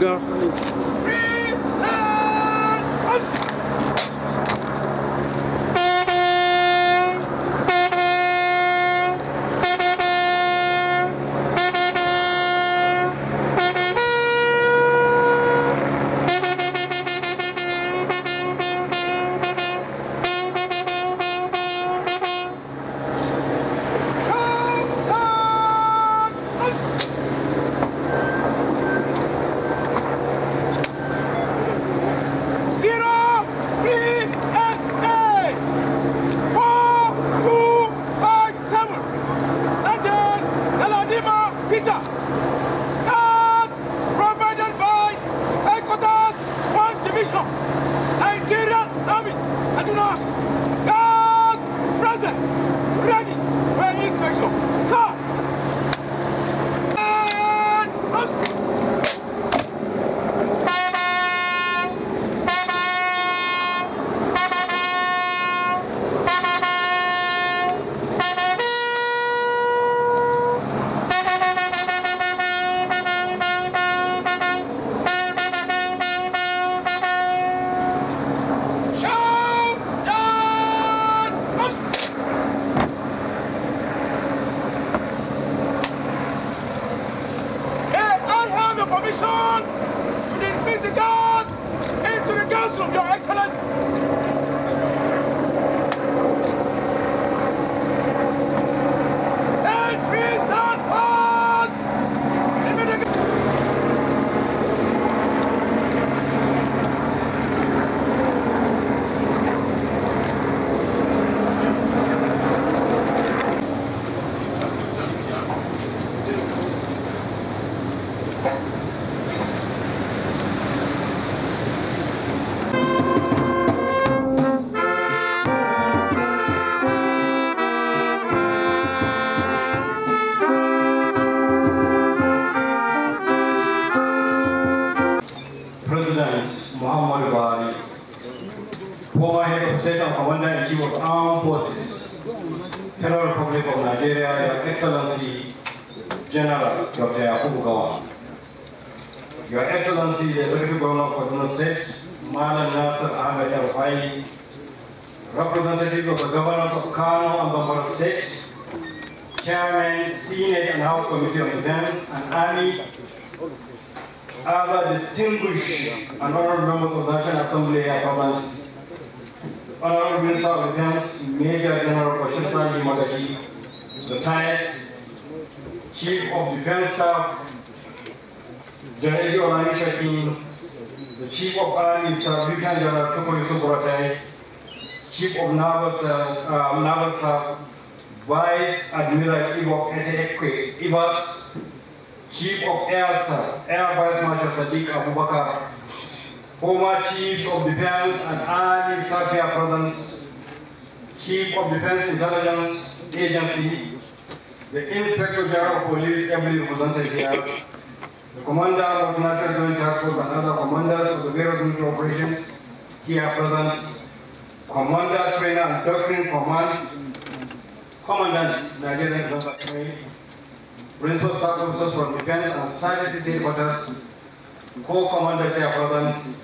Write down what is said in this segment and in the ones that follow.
が。Nigeria, Your Excellency General Dr. Yakubu Gawa. Your Excellency, the Executive Governor of Kaduna State, Madam Nasser Ahmed Al-Fai, representatives of the governors of Kano and Bambara States, Chairman, Senate and House Committee on Defense and Army, other distinguished and honorable members of the National Assembly and Government, Honorable Minister of Defense, Major General Koshisa Yimagaji, Retired Chief of Defense Staff, General Olani Shakin, the Chief of Army Staff, uh, Lieutenant General Tukuli Suburatai, Chief of Naval uh, Staff, uh, Vice Admiral Ivok Etekwe Ivas, Chief of Air Staff, Air Vice Marshal Sadiq Abubakar, former Chief of Defense and Army Staff here present, Chief of Defense Intelligence Agency, the Inspector General of Police, ably represented the Commander of National Joint Task Force and other commanders of the various military operations here present, Commander Trainer and Doctrine Command, Commandant Nigerian Defense Principal Staff Officers from Defense and Services Headquarters, Co-Commander here present,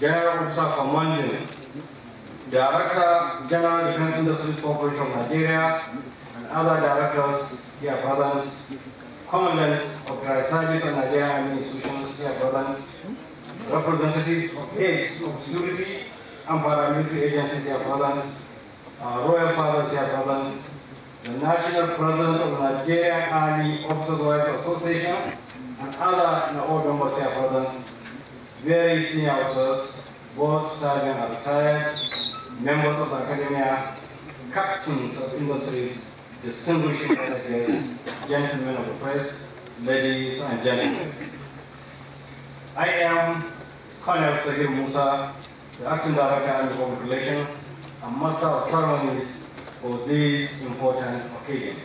General Officer Commanding, Director General Defense Industries Corporation of Nigeria, other directors, dear brothers, commandants of the service and Nigerian institutions, dear brothers, representatives of aides of security and paramilitary agencies, dear brothers, uh, royal fathers, dear brothers, the national president of the Nigerian Army Officers Association, and other old members, dear brothers, very senior officers, both serving and retired, members of the academia, captains of industries, distinguished managers, gentlemen of the press, ladies and gentlemen. I am Colonel Sagir Musa, the Acting Director of Public Relations, and Master of Ceremonies for this important occasion.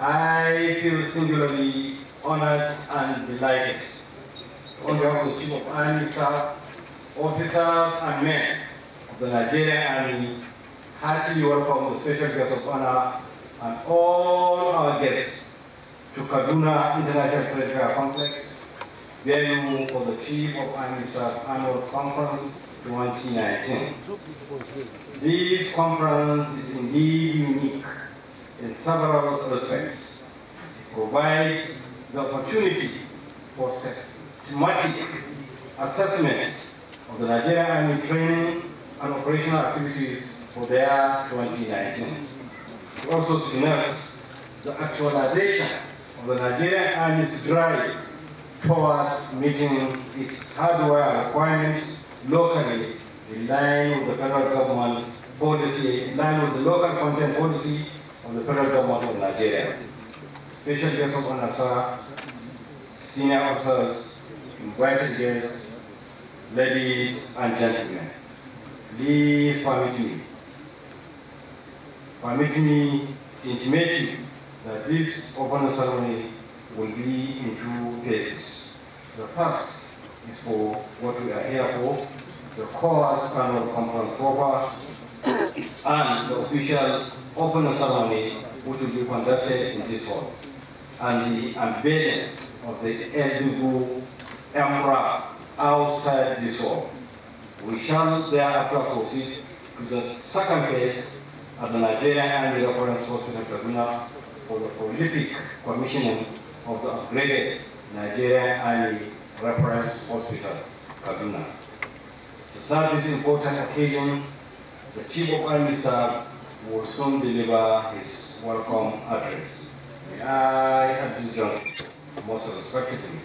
I feel singularly honored and delighted on behalf of the Chief of Army Staff, officers and men of the Nigerian Army, heartily welcome the special guest of honor and all our guests to Kaduna International Political Complex, venue for the Chief of Army Staff Annual Conference 2019. This conference is indeed unique in several respects. It provides the opportunity for systematic assessment of the Nigerian Army training and operational activities for their 2019 also signals the actualization of the Nigerian Army's drive towards meeting its hardware requirements locally in line with the federal government policy, in line with the local content policy of the federal government of Nigeria. Special guests of UNASA, senior officers, invited guests, ladies and gentlemen, please permit me making me intimate that this open ceremony will be in two phases. The first is for what we are here for, the chorus annual conference proper, and the official open ceremony which will be conducted in this hall, and the unveiling of the Edinburgh Emperor outside this hall. We shall thereafter proceed to the second phase at the Nigerian Army Reference Hospital Tribunal for the prolific commissioning of the upgraded Nigerian Army Reference Hospital, Kaduna. To serve this important occasion, the Chief of Army Staff will soon deliver his welcome address. May I, have this honour, most respectfully,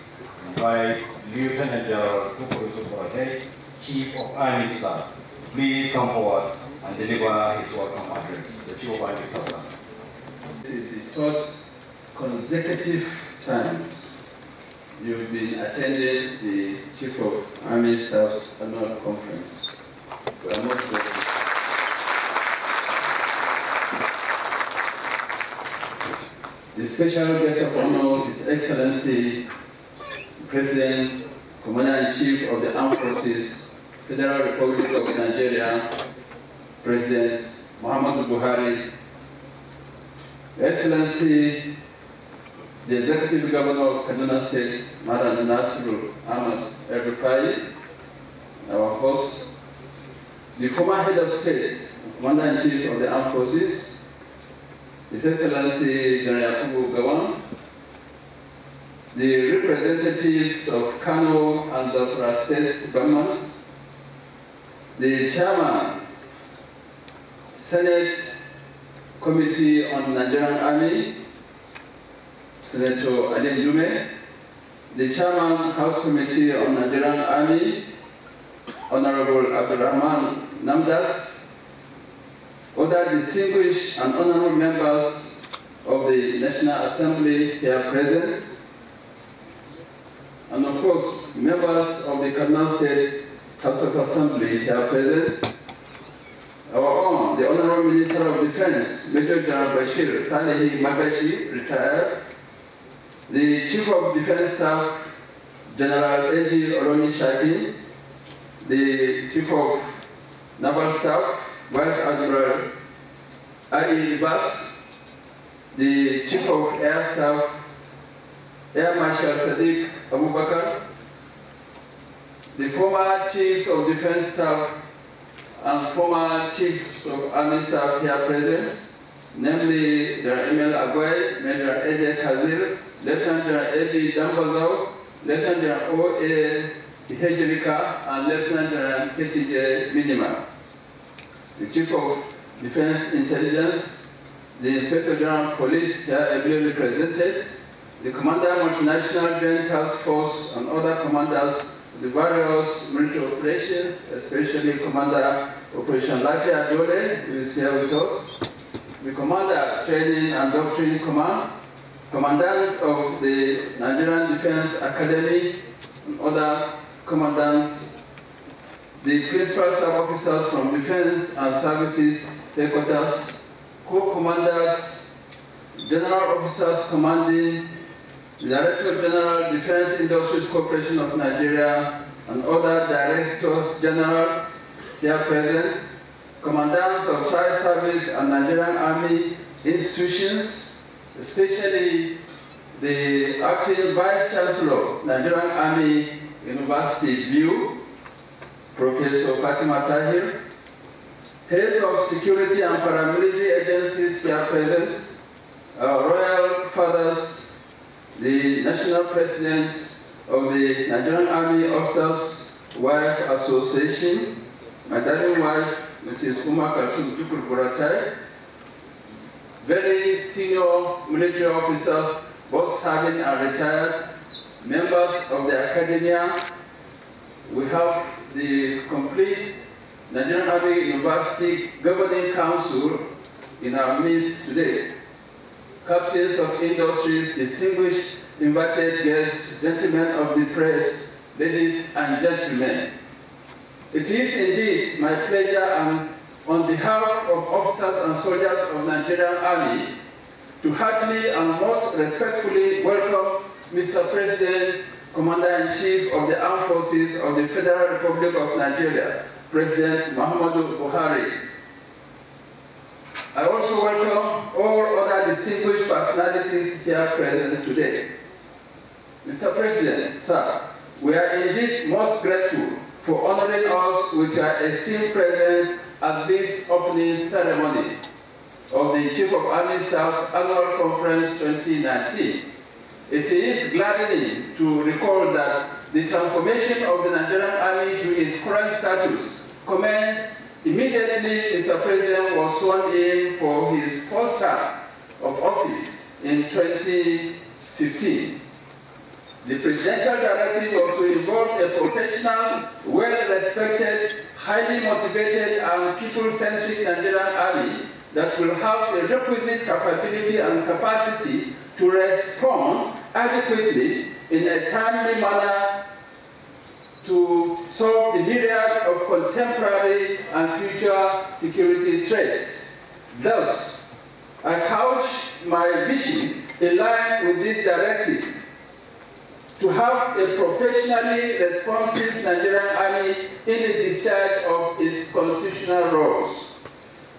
invite Lieutenant General Tukur Chief of Army Staff, please come forward and deliver his work on address, the Chief of This is the third consecutive times you've been attending the Chief of Army Staff's annual conference. We are most grateful. The special guest of honor, is Excellency, President, Commander-in-Chief of the Armed Forces, Federal Republic of Nigeria, President Muhammad Buhari, Excellency, the Executive Governor of Kaduna State, Madam Nasiru Ahmad Erdukai, our host, the former head of state, Commander-in-Chief of the Armed Forces, His Excellency General Yakubu Gawan, the representatives of Kano and the states governments, the chairman Senate Committee on Nigerian Army, Senator Adem Jume, the Chairman House Committee on Nigerian Army, Honorable Abdurrahman Namdas, other distinguished and honorable members of the National Assembly here present, and of course, members of the Kaduna State House of Assembly here present, the Honorable Minister of Defense, Major General Bashir Salehi Magashi, retired, the Chief of Defense Staff, General A.G. Oloni Shaki, the Chief of Naval Staff, Vice Admiral Ali Bas, the Chief of Air Staff, Air Marshal Sadiq Abubakar, the former Chief of Defense Staff, and former chiefs of army staff here present, namely General Emil Agoy, Major Ajay Hazil, Lieutenant General A.B. Dambazau, Lieutenant General O.A. Hejrika, and Lieutenant General K.T.J. Minima. The Chief of Defense Intelligence, the Inspector General of Police here ably represented, the Commander Multinational Joint Task Force and other commanders the various military operations, especially Commander Operation Lafia Adole, who is here with us, the Commander Training and Doctrine Command, Commandant of the Nigerian Defense Academy, and other commandants, the principal staff officers from Defense and Services Headquarters, co-commanders, general officers commanding the Director General, Defense Industries Corporation of Nigeria, and other Directors General here present, Commandants of Fire Service and Nigerian Army institutions, especially the Acting Vice Chancellor, Nigerian Army University View, Professor Fatima Tahir, heads of security and paramilitary agencies here present, our uh, Royal Fathers the national president of the Nigerian Army Officers Wife Association, my darling wife, Mrs. Uma Kalsum Jukul very senior military officers, both serving and retired, members of the academia. We have the complete Nigerian Army University Governing Council in our midst today captains of industries, distinguished invited guests, gentlemen of the press, ladies and gentlemen. It is indeed my pleasure and on behalf of officers and soldiers of Nigerian Army to heartily and most respectfully welcome Mr. President, Commander-in-Chief of the Armed Forces of the Federal Republic of Nigeria, President Muhammadu Buhari, I also welcome all other distinguished personalities here present today. Mr. President, sir, we are indeed most grateful for honoring us with your esteemed presence at this opening ceremony of the Chief of Army Staff's Annual Conference 2019. It is gladdening to recall that the transformation of the Nigerian Army to its current status commenced Immediately, Mr. President was sworn in for his first term of office in 2015. The presidential directive was to involve a professional, well-respected, highly motivated, and people-centric Nigerian army that will have the requisite capability and capacity to respond adequately in a timely manner to solve the myriad of contemporary and future security threats. Thus, I couch my vision in line with this directive to have a professionally responsive Nigerian army in the discharge of its constitutional roles.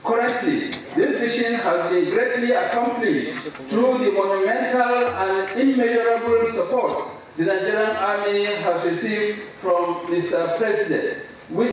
Currently, this vision has been greatly accomplished through the monumental and immeasurable support the Nigerian Army has received from Mr. President,